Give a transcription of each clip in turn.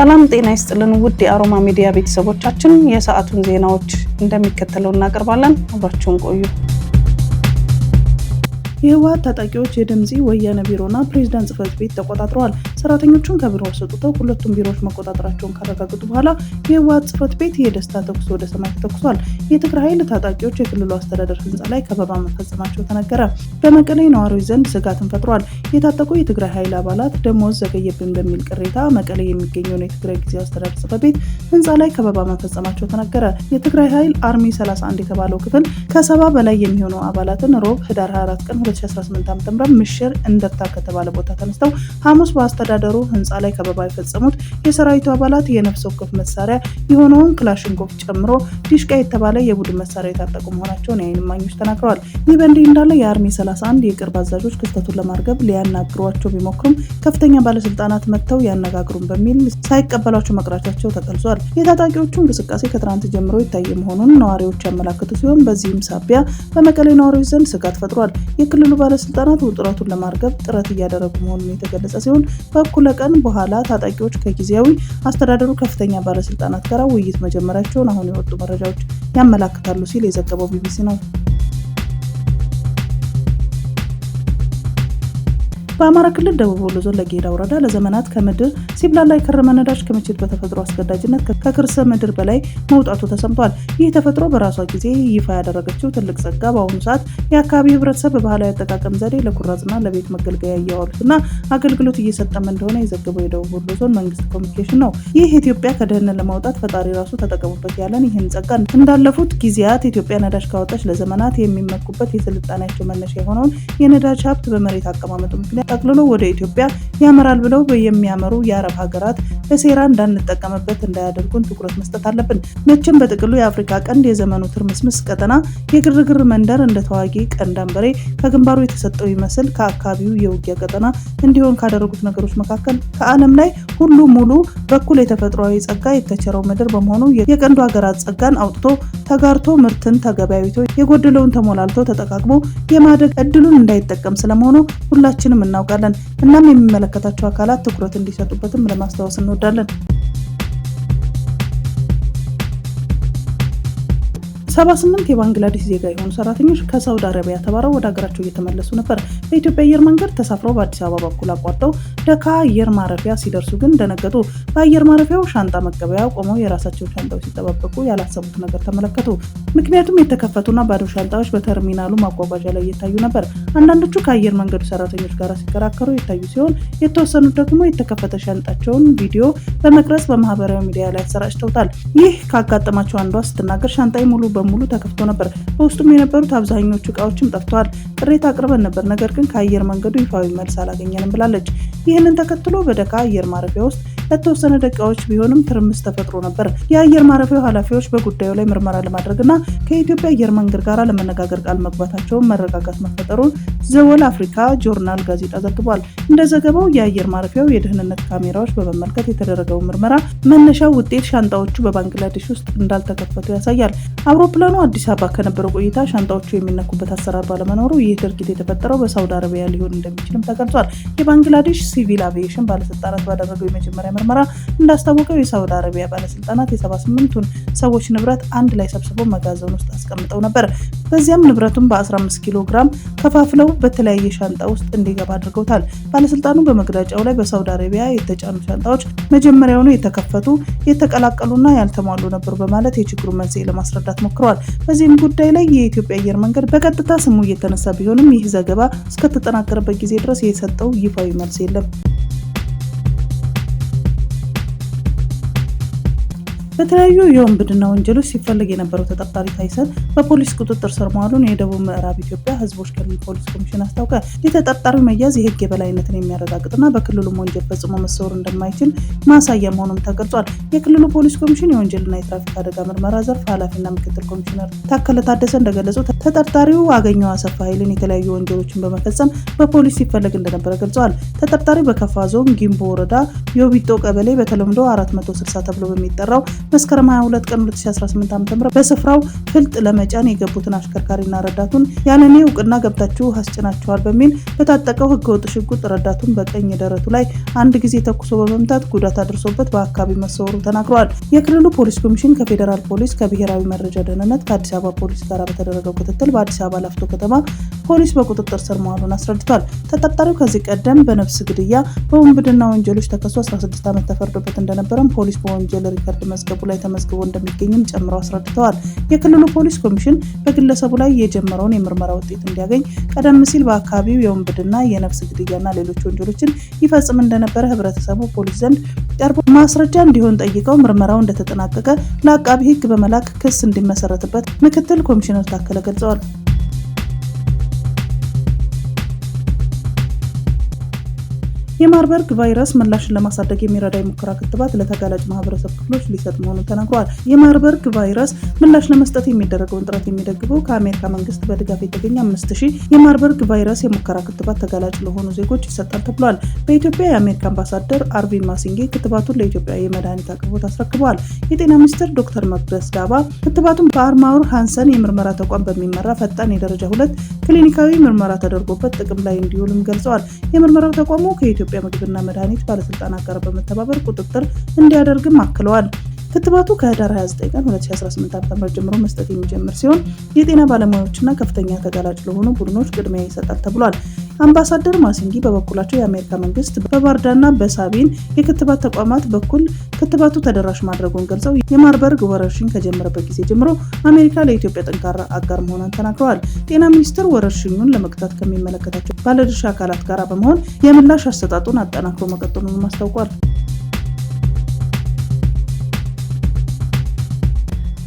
ሰላም ጤና ይስጥልን ውድ የአሮማ ሚዲያ ቤተሰቦቻችን፣ የሰዓቱን ዜናዎች እንደሚከተለው እናቀርባለን። አብራችሁን ቆዩ። የህወሀት ታጣቂዎች የድምፂ ወያነ ቢሮና ፕሬዚዳንት ጽህፈት ቤት ተቆጣጥረዋል። ሰራተኞቹን ከቢሮ አስወጥተው ሁለቱም ቢሮዎች መቆጣጠራቸውን ካረጋገጡ በኋላ የህወሀት ጽህፈት ቤት የደስታ ተኩስ ወደ ሰማይ ተኩሷል። የትግራይ ኃይል ታጣቂዎች የክልሉ አስተዳደር ህንፃ ላይ ከበባ መፈጸማቸው ተነገረ። በመቀሌ ነዋሪዎች ዘንድ ስጋትን ፈጥሯል። የታጠቁ የትግራይ ኃይል አባላት ደሞዝ ዘገየብን በሚል ቅሬታ መቀሌ የሚገኘውን የትግራይ ጊዜ አስተዳደር ጽህፈት ቤት ህንፃ ላይ ከበባ መፈጸማቸው ተነገረ። የትግራይ ኃይል አርሚ 31 የተባለው ክፍል ከሰባ በላይ የሚሆኑ አባላትን ሮብ ህዳር 24 ቀን 2018 ዓ.ም ምሽር እንደርታ ከተባለ ቦታ ተነስተው ሐሙስ በአስተዳደሩ ህንፃ ላይ ከበባ የፈጸሙት የሰራዊቱ አባላት የነፍስ ወከፍ መሳሪያ የሆነውን ክላሽንኮቭ ጨምሮ ዲሽቃ የተባለ የቡድን መሳሪያ የታጠቁ መሆናቸውን የአይን እማኞች ተናግረዋል። ይህ በእንዲህ እንዳለ የአርሚ 31 የቅርብ አዛዦች ክስተቱን ለማርገብ ሊያናግሯቸው ቢሞክሩም ከፍተኛ ባለስልጣናት መጥተው ያነጋግሩን በሚል ሳይቀበሏቸው መቅራቻቸው ተገልጿል። የታጣቂዎቹ እንቅስቃሴ ከትናንት ጀምሮ ይታየ መሆኑን ነዋሪዎች ያመላክቱ ሲሆን በዚህም ሳቢያ በመቀሌ ነዋሪዎች ዘንድ ስጋት ፈጥሯል። የክልሉ ባለስልጣናት ውጥረቱን ለማርገብ ጥረት እያደረጉ መሆኑን የተገለጸ ሲሆን በእኩለ ቀን በኋላ ታጣቂዎች ከጊዜያዊ አስተዳደሩ ከፍተኛ ባለስልጣናት ጋር ውይይት መጀመራቸውን አሁን የወጡ መረጃዎች ያመላክታሉ ሲል የዘገበው ቢቢሲ ነው። በአማራ ክልል ደቡብ ወሎ ዞን ለጌዳ ወረዳ ለዘመናት ከምድር ሲብላላ የከረመ ነዳጅ ክምችት በተፈጥሮ አስገዳጅነት ከክርሰ ምድር በላይ መውጣቱ ተሰምቷል። ይህ ተፈጥሮ በራሷ ጊዜ ይፋ ያደረገችው ትልቅ ጸጋ በአሁኑ ሰዓት የአካባቢው ህብረተሰብ በባህላዊ አጠቃቀም ዘዴ ለኩራዝና ለቤት መገልገያ እያዋሉትና አገልግሎት እየሰጠም እንደሆነ የዘገበው የደቡብ ወሎ ዞን መንግስት ኮሚኒኬሽን ነው። ይህ ኢትዮጵያ ከደህንን ለማውጣት ፈጣሪ ራሱ ተጠቀሙበት ያለን ይህን ጸጋ እንዳለፉት ጊዜያት ኢትዮጵያ ነዳጅ ካወጣች ለዘመናት የሚመኩበት የስልጣናቸው መነሻ የሆነውን የነዳጅ ሀብት በመሬት አቀማመጡ ምክንያት ጠቅልሎ ወደ ኢትዮጵያ ያመራል ብለው የሚያመሩ የአረብ ሀገራት በሴራ እንዳንጠቀምበት እንዳያደርጉን ትኩረት መስጠት አለብን። መቼም በጥቅሉ የአፍሪካ ቀንድ የዘመኑ ትርምስምስ ቀጠና የግርግር መንደር እንደ ተዋጊ ቀንድ አንበሬ ከግንባሩ የተሰጠው ይመስል ከአካባቢው የውጊያ ቀጠና እንዲሆን ካደረጉት ነገሮች መካከል ከዓለም ላይ ሁሉ ሙሉ በኩል የተፈጥሯዊ ጸጋ የተቸረው ምድር በመሆኑ የቀንዱ ሀገራት ጸጋን አውጥቶ ተጋርቶ ምርትን ተገበያይቶ የጎደለውን ተሞላልቶ ተጠቃቅሞ የማደግ እድሉን እንዳይጠቀም ስለመሆኑ ሁላችንም እና እናውቃለን። እናም የሚመለከታቸው አካላት ትኩረት እንዲሰጡበትም ለማስታወስ እንወዳለን። 78 የባንግላዴሽ ዜጋ የሆኑ ሰራተኞች ከሳውዲ አረቢያ ተባረው ወደ ሀገራቸው እየተመለሱ ነበር። በኢትዮጵያ አየር መንገድ ተሳፍረው በአዲስ አበባ በኩል አቋርጠው ደካ አየር ማረፊያ ሲደርሱ ግን ደነገጡ። በአየር ማረፊያው ሻንጣ መቀበያ ቆመው የራሳቸውን ሻንጣዎች ሲጠባበቁ ያላሰቡት ነገር ተመለከቱ። ምክንያቱም የተከፈቱና ባዶ ሻንጣዎች በተርሚናሉ ማጓጓዣ ላይ እየታዩ ነበር። አንዳንዶቹ ከአየር መንገዱ ሰራተኞች ጋር ሲከራከሩ የታዩ ሲሆን የተወሰኑት ደግሞ የተከፈተ ሻንጣቸውን ቪዲዮ በመቅረጽ በማህበራዊ ሚዲያ ላይ አሰራጭተውታል። ይህ ካጋጠማቸው አንዷ ስትናገር ሻንጣይ ሙሉ በሙሉ ተከፍቶ ነበር። በውስጡም የነበሩት አብዛኞቹ እቃዎችም ጠፍተዋል። ቅሬታ አቅርበን ነበር፣ ነገር ግን ከአየር መንገዱ ይፋዊ መልስ አላገኘንም ብላለች። ይህንን ተከትሎ በደካ አየር ማረፊያ ውስጥ ለተወሰነ ደቂቃዎች ቢሆንም ትርምስ ተፈጥሮ ነበር። የአየር ማረፊያው ኃላፊዎች በጉዳዩ ላይ ምርመራ ለማድረግና ከኢትዮጵያ አየር መንገድ ጋር ለመነጋገር ቃል መግባታቸውን መረጋጋት መፈጠሩን ዘወል አፍሪካ ጆርናል ጋዜጣ ዘግቧል። እንደ ዘገባው የአየር ማረፊያው የደህንነት ካሜራዎች በመመልከት የተደረገው ምርመራ መነሻው ውጤት ሻንጣዎቹ በባንግላዴሽ ውስጥ እንዳልተከፈቱ ያሳያል። አውሮፕላኑ አዲስ አበባ ከነበረው ቆይታ ሻንጣዎቹ የሚነኩበት አሰራር ባለመኖሩ ይህ ድርጊት የተፈጠረው በሳውዲ አረቢያ ሊሆን እንደሚችልም ተገልጿል። የባንግላዴሽ ሲቪል አቪዬሽን ባለስልጣናት ባደረገው የመጀመሪያ ምርመራ እንዳስታወቀው የሳውዲ አረቢያ ባለስልጣናት የ78ቱን ሰዎች ንብረት አንድ ላይ ሰብስበው መጋዘን ውስጥ አስቀምጠው ነበር። በዚያም ንብረቱን በ15 ኪሎ ግራም ከፋፍለው በተለያየ ሻንጣ ውስጥ እንዲገባ አድርገውታል። ባለስልጣኑ በመግለጫው ላይ በሳውዲ አረቢያ የተጫኑ ሻንጣዎች መጀመሪያውኑ የተከፈቱ የተቀላቀሉና ያልተሟሉ ነበሩ በማለት የችግሩ መንስኤ ለማስረዳት ሞክረዋል። በዚህም ጉዳይ ላይ የኢትዮጵያ አየር መንገድ በቀጥታ ስሙ እየተነሳ ቢሆንም ይህ ዘገባ እስከተጠናከረበት ጊዜ ድረስ የሰጠው ይፋዊ መልስ የለም። በተለያዩ የወንብድና ወንጀሎች ሲፈለግ የነበረው ተጠርጣሪ ታይሰን በፖሊስ ቁጥጥር ስር መዋሉን የደቡብ ምዕራብ ኢትዮጵያ ህዝቦች ክልል ፖሊስ ኮሚሽን አስታውቀ። የተጠርጣሪው መያዝ የህግ የበላይነትን የሚያረጋግጥና በክልሉም ወንጀል ፈጽሞ መሰወር እንደማይችል ማሳያ መሆኑም ተገልጿል። የክልሉ ፖሊስ ኮሚሽን የወንጀልና የትራፊክ አደጋ ምርመራ ዘርፍ ኃላፊና ምክትል ኮሚሽነር ታከለ ታደሰ እንደገለጹ ተጠርጣሪው አገኘው አሰፋ ኃይልን የተለያዩ ወንጀሎችን በመፈጸም በፖሊስ ሲፈለግ እንደነበረ ገልጸዋል። ተጠርጣሪው በከፋ ዞን ጊምቦ ወረዳ የቢጦ ቀበሌ በተለምዶ 460 ተብሎ በሚጠራው መስከረም 22 ቀን 2018 ዓ.ም በስፍራው ፍልጥ ለመጫን የገቡትን አሽከርካሪና ረዳቱን ያለኔ እውቅና ገብታችሁ አስጭናችኋል በሚል በታጠቀው ህገወጥ ሽጉጥ ረዳቱን በቀኝ ደረቱ ላይ አንድ ጊዜ ተኩሶ በመምታት ጉዳት አድርሶበት በአካባቢ መሰወሩ ተናግረዋል። የክልሉ ፖሊስ ኮሚሽን ከፌዴራል ፖሊስ፣ ከብሔራዊ መረጃ ደህንነት፣ ከአዲስ አበባ ፖሊስ ጋር በተደረገው ክትትል በአዲስ አበባ ላፍቶ ከተማ ፖሊስ በቁጥጥር ስር መዋሉን አስረድቷል። ተጠርጣሪው ከዚህ ቀደም በነፍስ ግድያ፣ በወንብድና ወንጀሎች ተከሶ 16 ዓመት ተፈርዶበት እንደነበረም ፖሊስ በወንጀል ሪከርድ መዝገቡ በመጠየቁ ላይ ተመዝግቦ እንደሚገኝም ጨምረው አስረድተዋል። የክልሉ ፖሊስ ኮሚሽን በግለሰቡ ላይ የጀመረውን የምርመራ ውጤት እንዲያገኝ ቀደም ሲል በአካባቢው የወንብድና፣ የነፍስ ግድያና ሌሎች ወንጀሎችን ይፈጽም እንደነበረ ህብረተሰቡ ፖሊስ ዘንድ ቀርቦ ማስረጃ እንዲሆን ጠይቀው ምርመራው እንደተጠናቀቀ ለአቃቢ ህግ በመላክ ክስ እንዲመሰረትበት ምክትል ኮሚሽነር ታከለ ገልጸዋል። የማርበርግ ቫይረስ ምላሽን ለማሳደግ የሚረዳ የሙከራ ክትባት ለተጋላጭ ማህበረሰብ ክፍሎች ሊሰጥ መሆኑን ተነግሯል። የማርበርግ ቫይረስ ምላሽ ለመስጠት የሚደረገውን ጥረት የሚደግፈው ከአሜሪካ መንግስት በድጋፍ የተገኘ አምስት ሺህ የማርበርግ ቫይረስ የሙከራ ክትባት ተጋላጭ ለሆኑ ዜጎች ይሰጣል ተብሏል። በኢትዮጵያ የአሜሪካ አምባሳደር አርቪን ማሲንጌ ክትባቱን ለኢትዮጵያ የመድኃኒት አቅርቦት አስረክበዋል። የጤና ሚኒስትር ዶክተር መቅደስ ዳባ ክትባቱን በአርማውር ሃንሰን የምርመራ ተቋም በሚመራ ፈጣን የደረጃ ሁለት ክሊኒካዊ ምርመራ ተደርጎበት ጥቅም ላይ እንዲውልም ገልጸዋል። የምርመራው ተቋሙ ከኢትዮ የኢትዮጵያ ምግብና መድኃኒት ባለስልጣናት ጋር በመተባበር ቁጥጥር እንዲያደርግም አክለዋል። ክትባቱ ከህዳር 29 ቀን 2018 ዓ.ም ጀምሮ መስጠት የሚጀምር ሲሆን የጤና ባለሙያዎችና ከፍተኛ ተጋላጭ ለሆኑ ቡድኖች ቅድሚያ ይሰጣል ተብሏል። አምባሳደር ማሲንጊ በበኩላቸው የአሜሪካ መንግስት በባርዳና በሳቢን የክትባት ተቋማት በኩል ክትባቱ ተደራሽ ማድረጉን ገልጸው የማርበርግ ወረርሽኝ ከጀመረበት ጊዜ ጀምሮ አሜሪካ ለኢትዮጵያ ጠንካራ አጋር መሆኗን ተናግረዋል። ጤና ሚኒስቴር ወረርሽኙን ለመግታት ከሚመለከታቸው ባለድርሻ አካላት ጋር በመሆን የምላሽ አሰጣጡን አጠናክሮ መቀጠሉንም አስታውቋል።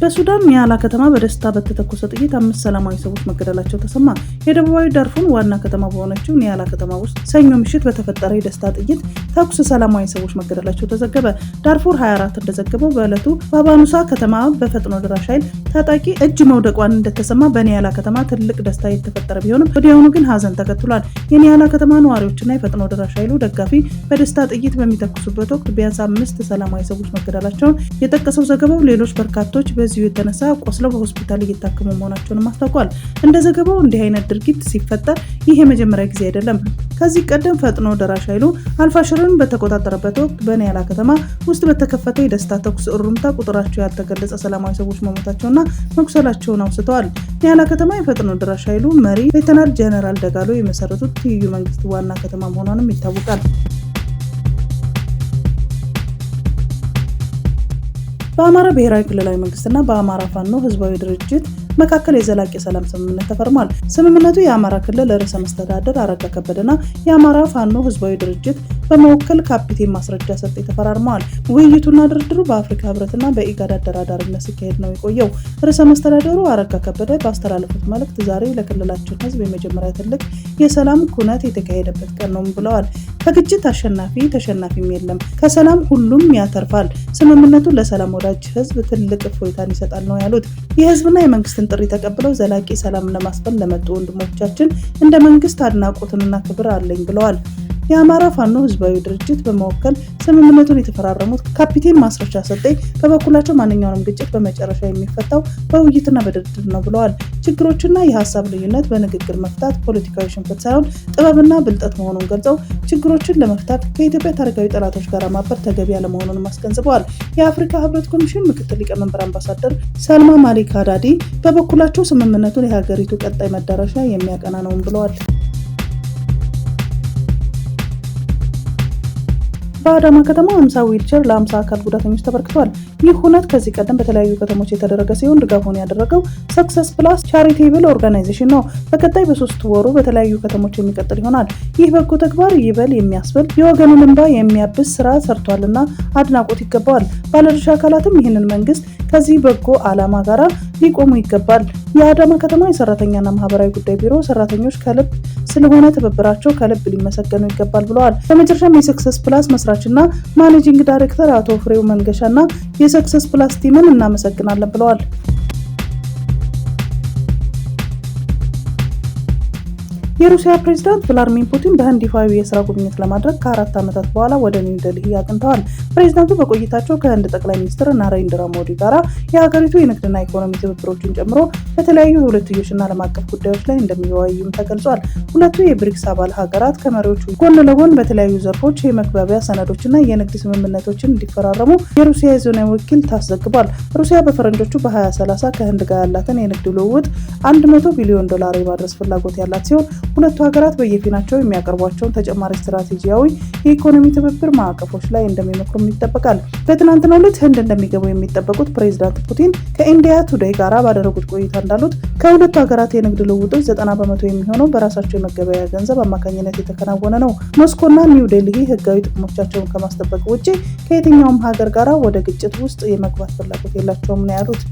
በሱዳን ኒያላ ከተማ በደስታ በተተኮሰ ጥይት አምስት ሰላማዊ ሰዎች መገደላቸው ተሰማ። የደቡባዊ ዳርፉን ዋና ከተማ በሆነችው ኒያላ ከተማ ውስጥ ሰኞ ምሽት በተፈጠረ የደስታ ጥይት ተኩስ ሰላማዊ ሰዎች መገደላቸው ተዘገበ። ዳርፉር 24 እንደዘገበው በዕለቱ በአባኑሳ ከተማ በፈጥኖ ድራሽ ኃይል ታጣቂ እጅ መውደቋን እንደተሰማ በኒያላ ከተማ ትልቅ ደስታ የተፈጠረ ቢሆንም ወዲያውኑ ግን ሀዘን ተከትሏል። የኒያላ ከተማ ነዋሪዎችና የፈጥኖ ድራሽ ኃይሉ ደጋፊ በደስታ ጥይት በሚተኩሱበት ወቅት ቢያንስ አምስት ሰላማዊ ሰዎች መገደላቸውን የጠቀሰው ዘገባው ሌሎች በርካቶች በዚሁ የተነሳ ቆስለው በሆስፒታል እየታከሙ መሆናቸውንም አስታውቋል። እንደ ዘገባው እንዲህ አይነት ድርጊት ሲፈጠር ይህ የመጀመሪያ ጊዜ አይደለም። ከዚህ ቀደም ፈጥኖ ደራሽ ኃይሉ አልፋሽርን በተቆጣጠረበት ወቅት በኒያላ ከተማ ውስጥ በተከፈተው የደስታ ተኩስ እሩምታ ቁጥራቸው ያልተገለጸ ሰላማዊ ሰዎች መሞታቸውና መቁሰላቸውን አውስተዋል። ኒያላ ከተማ የፈጥኖ ደራሽ ኃይሉ መሪ ሌተናል ጀነራል ደጋሎ የመሰረቱት ትይዩ መንግስት ዋና ከተማ መሆኗንም ይታወቃል። በአማራ ብሔራዊ ክልላዊ መንግስትና በአማራ ፋኖ ህዝባዊ ድርጅት መካከል የዘላቂ ሰላም ስምምነት ተፈርሟል። ስምምነቱ የአማራ ክልል ርዕሰ መስተዳደር አረጋ ከበደና የአማራ ፋኖ ህዝባዊ ድርጅት በመወከል ካፒቴን ማስረጃ ሰጤ ተፈራርመዋል። ውይይቱና ድርድሩ በአፍሪካ ህብረትና በኢጋድ አደራዳሪነት ሲካሄድ ነው የቆየው። ርዕሰ መስተዳደሩ አረጋ ከበደ ባስተላለፉት መልእክት ዛሬ ለክልላችን ህዝብ የመጀመሪያ ትልቅ የሰላም ኩነት የተካሄደበት ቀን ነው ብለዋል። ከግጭት አሸናፊ ተሸናፊም የለም፣ ከሰላም ሁሉም ያተርፋል። ስምምነቱ ለሰላም ወዳጅ ህዝብ ትልቅ እፎይታን ይሰጣል ነው ያሉት። የህዝብና የመንግስትን ጥሪ ተቀብለው ዘላቂ ሰላም ለማስፈን ለመጡ ወንድሞቻችን እንደ መንግስት አድናቆትንና ክብር አለኝ ብለዋል። የአማራ ፋኖ ህዝባዊ ድርጅት በመወከል ስምምነቱን የተፈራረሙት ካፒቴን ማስረሻ ሰጠኝ በበኩላቸው ማንኛውንም ግጭት በመጨረሻ የሚፈታው በውይይትና በድርድር ነው ብለዋል። ችግሮችና የሀሳብ ልዩነት በንግግር መፍታት ፖለቲካዊ ሽንፈት ሳይሆን ጥበብና ብልጠት መሆኑን ገልጸው ችግሮችን ለመፍታት ከኢትዮጵያ ታሪካዊ ጠላቶች ጋር ማበር ተገቢ ያለመሆኑን አስገንዝበዋል። የአፍሪካ ህብረት ኮሚሽን ምክትል ሊቀመንበር አምባሳደር ሰልማ ማሊክ አዳዲ በበኩላቸው ስምምነቱን የሀገሪቱ ቀጣይ መዳረሻ የሚያቀና ነውም ብለዋል። በአዳማ ከተማ 50 ዊልቸር ለ50 አካል ጉዳተኞች ተበርክቷል። ይህ ሁነት ከዚህ ቀደም በተለያዩ ከተሞች የተደረገ ሲሆን ድጋፉን ያደረገው ሰክሰስ ፕላስ ቻሪቴብል ኦርጋናይዜሽን ነው። በቀጣይ በሶስት ወሩ በተለያዩ ከተሞች የሚቀጥል ይሆናል። ይህ በጎ ተግባር ይበል የሚያስብል የወገንን እንባ የሚያብስ ስራ ሰርቷልና አድናቆት ይገባዋል። ባለድርሻ አካላትም ይህንን መንግስት ከዚህ በጎ ዓላማ ጋራ ሊቆሙ ይገባል። የአዳማ ከተማ የሰራተኛና ማህበራዊ ጉዳይ ቢሮ ሰራተኞች ከልብ ስለሆነ ትብብራቸው ከልብ ሊመሰገኑ ይገባል ብለዋል። በመጨረሻም የሰክሰስ ፕላስ መስራችና ማኔጂንግ ዳይሬክተር አቶ ፍሬው መንገሻና የሰክሰስ ፕላስ ቲምን እናመሰግናለን ብለዋል። የሩሲያ ፕሬዚዳንት ቭላድሚር ፑቲን በህንድ ይፋዊ የስራ ጉብኝት ለማድረግ ከአራት ዓመታት በኋላ ወደ ኒው ዴልሂ አቅንተዋል። ፕሬዚዳንቱ በቆይታቸው ከህንድ ጠቅላይ ሚኒስትር ናሬንድራ ሞዲ ጋራ የሀገሪቱ የንግድና ኢኮኖሚ ትብብሮችን ጨምሮ በተለያዩ የሁለትዮሽና ዓለም አቀፍ ጉዳዮች ላይ እንደሚወያዩም ተገልጿል። ሁለቱ የብሪክስ አባል ሀገራት ከመሪዎቹ ጎን ለጎን በተለያዩ ዘርፎች የመግባቢያ ሰነዶችና የንግድ ስምምነቶችን እንዲፈራረሙ የሩሲያ የዜና ወኪል ታስዘግቧል። ሩሲያ በፈረንጆቹ በ2030 ከህንድ ጋር ያላትን የንግድ ልውውጥ 100 ቢሊዮን ዶላር የማድረስ ፍላጎት ያላት ሲሆን ሁለቱ ሀገራት በየፊናቸው የሚያቀርቧቸውን ተጨማሪ ስትራቴጂያዊ የኢኮኖሚ ትብብር ማዕቀፎች ላይ እንደሚመክሩም ይጠበቃል። በትናንትናው ዕለት ህንድ እንደሚገቡ የሚጠበቁት ፕሬዚዳንት ፑቲን ከኢንዲያ ቱዴይ ጋር ባደረጉት ቆይታ እንዳሉት ከሁለቱ ሀገራት የንግድ ልውጦች ዘጠና በመቶ የሚሆነው በራሳቸው የመገበያ ገንዘብ አማካኝነት የተከናወነ ነው። ሞስኮና ኒው ዴልሂ ህጋዊ ጥቅሞቻቸውን ከማስጠበቅ ውጭ ከየትኛውም ሀገር ጋር ወደ ግጭት ውስጥ የመግባት ፍላጎት የላቸውም ነው ያሉት።